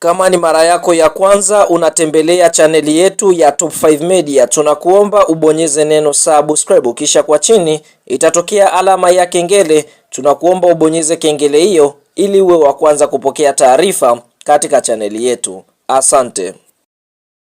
Kama ni mara yako ya kwanza unatembelea chaneli yetu ya Top 5 Media, tunakuomba ubonyeze neno subscribe, kisha kwa chini itatokea alama ya kengele. Tunakuomba ubonyeze kengele hiyo ili uwe wa kwanza kupokea taarifa katika chaneli yetu. Asante.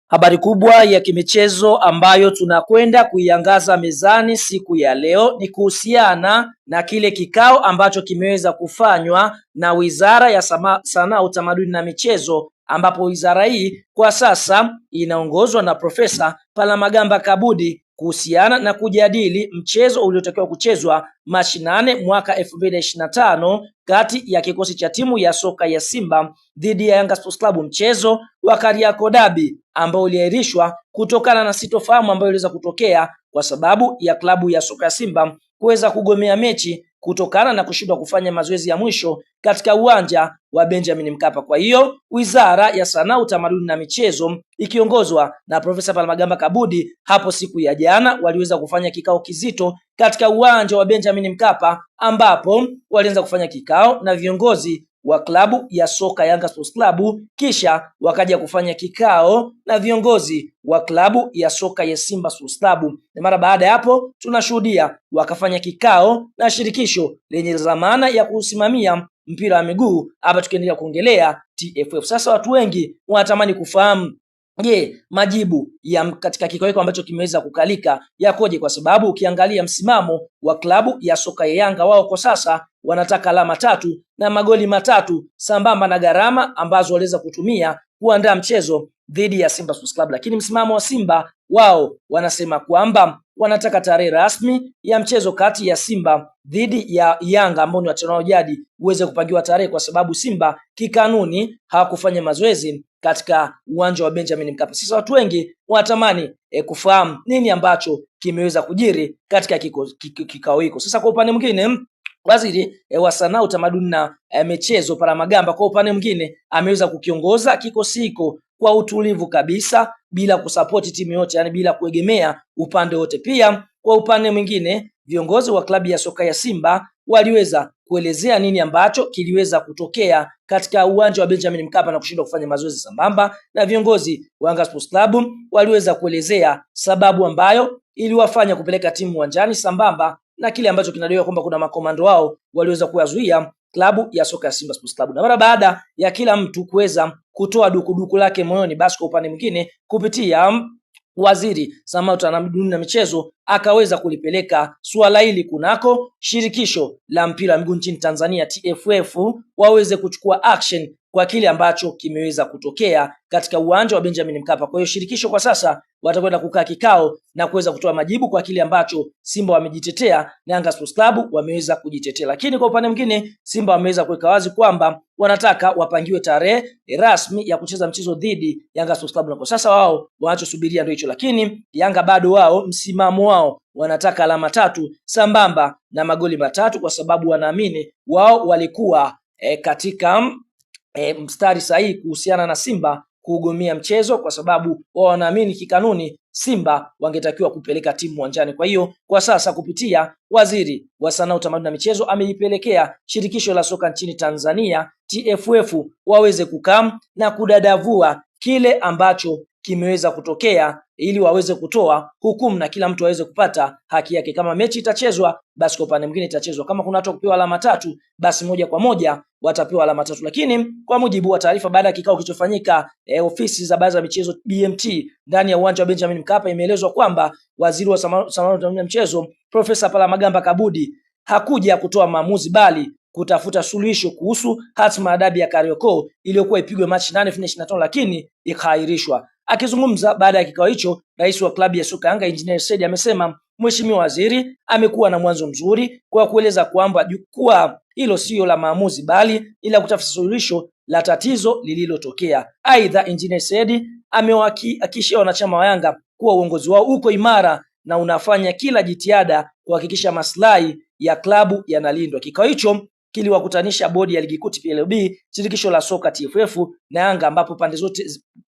Habari kubwa ya kimichezo ambayo tunakwenda kuiangaza mezani siku ya leo ni kuhusiana na kile kikao ambacho kimeweza kufanywa na Wizara ya Sanaa, Utamaduni na Michezo ambapo wizara hii kwa sasa inaongozwa na Profesa Palamagamba Kabudi kuhusiana na kujadili mchezo uliotakiwa kuchezwa Machi nane mwaka 2025 kati ya kikosi cha timu ya soka ya Simba dhidi ya Yanga Sports Club, mchezo wa Kariakoo Derby ambao uliahirishwa kutokana na sitofahamu ambayo iliweza kutokea kwa sababu ya klabu ya soka ya Simba kuweza kugomea mechi kutokana na kushindwa kufanya mazoezi ya mwisho katika uwanja wa Benjamin Mkapa. Kwa hiyo Wizara ya Sanaa, Utamaduni na Michezo ikiongozwa na Profesa Palamagamba Kabudi hapo siku ya jana waliweza kufanya kikao kizito katika uwanja wa Benjamin Mkapa, ambapo walianza kufanya kikao na viongozi wa klabu ya soka Yanga Sports Club, kisha wakaja kufanya kikao na viongozi wa klabu ya soka ya Simba Sports Club, na mara baada ya hapo tunashuhudia wakafanya kikao na shirikisho shirikisho lenye dhamana ya kusimamia mpira wa miguu. Hapa tukiendelea kuongelea TFF, sasa watu wengi wanatamani kufahamu Je, majibu ya katika kikao ambacho kimeweza kukalika yakoje? Kwa sababu ukiangalia msimamo wa klabu ya soka ya Yanga, wao kwa sasa wanataka alama tatu na magoli matatu sambamba na gharama ambazo waliweza kutumia kuandaa mchezo dhidi ya Simba Sports Club, lakini msimamo wa Simba wao wanasema kwamba wanataka tarehe rasmi ya mchezo kati ya Simba dhidi ya Yanga ambao ni watanao jadi uweze kupangiwa tarehe, kwa sababu Simba kikanuni hawakufanya mazoezi katika uwanja wa Benjamin Mkapa. Sasa watu wengi wanatamani e, kufahamu nini ambacho kimeweza kujiri katika kikao kiko hiko. Sasa kwa upande mwingine waziri e, wa sanaa, utamaduni na e, michezo Palamagamba kwa upande mwingine ameweza kukiongoza kikosi hiko kwa utulivu kabisa bila kusapoti timu yote, yani bila kuegemea upande wote. Pia kwa upande mwingine, viongozi wa klabu ya soka ya Simba waliweza kuelezea nini ambacho kiliweza kutokea katika uwanja wa Benjamin Mkapa na kushindwa kufanya mazoezi sambamba, na viongozi wa Yanga Sports Club waliweza kuelezea sababu ambayo iliwafanya kupeleka timu uwanjani sambamba na kile ambacho kinadaiwa kwamba kuna makomando wao waliweza kuwazuia klabu ya soka ya Simba Sports Club. Na mara baada ya kila mtu kuweza kutoa dukuduku lake moyoni, basi kwa upande mwingine kupitia waziri Samia Utamaduni na Michezo akaweza kulipeleka suala hili kunako shirikisho la mpira wa miguu nchini Tanzania TFF waweze kuchukua action kwa kile ambacho kimeweza kutokea katika uwanja wa Benjamin Mkapa. Kwa hiyo shirikisho kwa sasa watakwenda kukaa kikao na kuweza kutoa majibu kwa kile ambacho Simba wamejitetea na Yanga Sports Club wameweza kujitetea. Lakini kwa upande mwingine, Simba wameweza kuweka wazi kwamba wanataka wapangiwe tarehe rasmi ya kucheza mchezo dhidi Yanga Sports Club, na kwa sasa wao wanachosubiria ndio hicho. Lakini Yanga bado wao msimamo wao wanataka alama tatu sambamba na magoli matatu, kwa sababu wanaamini wao walikuwa e, katika e, mstari sahihi kuhusiana na Simba kuugomia mchezo kwa sababu wao wanaamini kikanuni Simba wangetakiwa kupeleka timu uwanjani. Kwa hiyo kwa sasa kupitia waziri wa sanaa, utamaduni na michezo ameipelekea shirikisho la soka nchini Tanzania TFF waweze kukam na kudadavua kile ambacho kimeweza kutokea ili waweze kutoa hukumu na kila mtu aweze kupata haki yake. Kama mechi itachezwa, basi kwa upande mwingine itachezwa. Kama kuna watu kupewa alama tatu, basi moja kwa moja watapewa alama tatu. Lakini kwa mujibu wa taarifa baada ya kikao kilichofanyika eh, ofisi za baadhi ya michezo BMT ndani ya uwanja wa Benjamin Mkapa, imeelezwa kwamba waziri wa samani na mchezo Profesa Palamagamba Kabudi hakuja kutoa maamuzi bali kutafuta suluhisho kuhusu hatma ya dabi ya Kariakoo iliyokuwa ipigwe Machi 8, 2025 lakini ikaahirishwa. Akizungumza baada ya kikao hicho, rais wa klabu ya soka Yanga Engineer Said amesema Mheshimiwa Waziri amekuwa na mwanzo mzuri kwa kueleza kwamba jukwaa hilo siyo la maamuzi bali ila kutafuta suluhisho la tatizo lililotokea. Aidha, Engineer Said amewahakikishia wanachama wa Yanga kuwa uongozi wao uko imara na unafanya kila jitihada kuhakikisha maslahi ya klabu yanalindwa. Kikao hicho kiliwakutanisha bodi ya ligi kuu TPLB, shirikisho la soka TFF na Yanga ambapo pande zote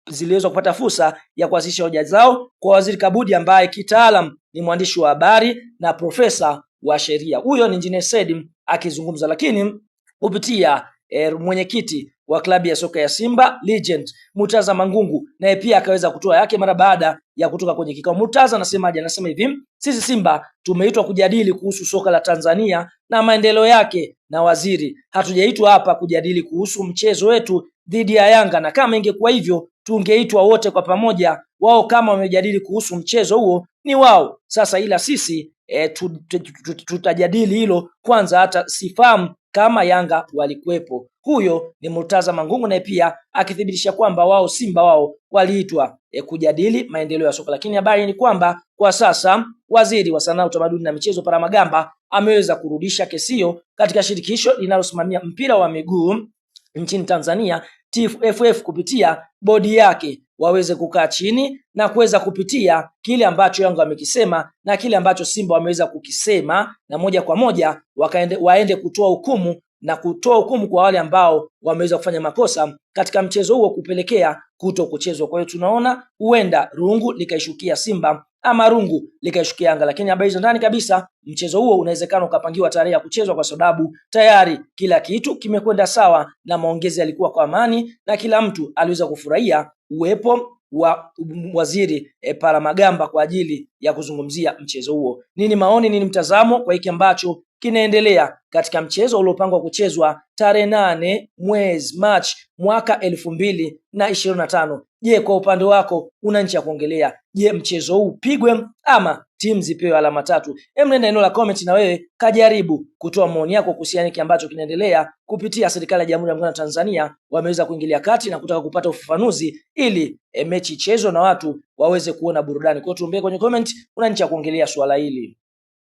ziliweza kupata fursa ya kuwasilisha hoja zao kwa Waziri Kabudi ambaye kitaalam ni mwandishi wa habari na profesa wa sheria. Huyo ni Injinia Said akizungumza, lakini kupitia e, mwenyekiti wa klabu ya soka ya Simba legend Murtaza Mangungu naye pia akaweza kutoa yake mara baada ya kutoka kwenye kikao. Murtaza anasemaje? Anasema hivi, sisi Simba tumeitwa kujadili kuhusu soka la Tanzania na maendeleo yake na waziri, hatujaitwa hapa kujadili kuhusu mchezo wetu dhidi ya Yanga, na kama ingekuwa hivyo tungeitwa wote kwa pamoja. Wao kama wamejadili kuhusu mchezo huo ni wao sasa, ila sisi e, tutajadili hilo kwanza. Hata sifahamu kama Yanga walikuwepo. Huyo ni Murtaza Mangungu, naye pia akithibitisha kwamba wao Simba wao waliitwa e, kujadili maendeleo ya soka, lakini habari ni kwamba kwa sasa waziri wa sanaa, utamaduni na michezo paramagamba ameweza kurudisha kesi hiyo katika shirikisho linalosimamia mpira wa miguu nchini Tanzania TFF kupitia bodi yake waweze kukaa chini na kuweza kupitia kile ambacho Yanga wamekisema na kile ambacho Simba wameweza kukisema, na moja kwa moja wakaende, waende kutoa hukumu na kutoa hukumu kwa wale ambao wameweza kufanya makosa katika mchezo huo kupelekea kuto kuchezwa. Kwa hiyo tunaona huenda rungu likaishukia Simba ama rungu likaishukia Yanga, lakini habari hizo ndani kabisa. Mchezo huo unawezekana ukapangiwa tarehe ya kuchezwa kwa sababu tayari kila kitu kimekwenda sawa na maongezi yalikuwa kwa amani na kila mtu aliweza kufurahia uwepo wa waziri e, Palamagamba kwa ajili ya kuzungumzia mchezo huo. Nini maoni, nini mtazamo kwa hiki ambacho kinaendelea katika mchezo uliopangwa kuchezwa tarehe nane mwezi March mwaka elfu mbili na ishirini na tano. Je, kwa upande wako una nchi ya kuongelea? Je, mchezo huu pigwe ama timu zipewe alama tatu? Hem, nenda eneo la comment na wewe kajaribu kutoa maoni yako kuhusiana kile ambacho kinaendelea kupitia serikali ya Jamhuri ya Muungano wa Tanzania, wameweza kuingilia kati na kutaka kupata ufafanuzi ili e, mechi ichezwe na watu waweze kuona burudani. Kwa hiyo tuombee kwenye comment, una nchi ya kuongelea swala hili.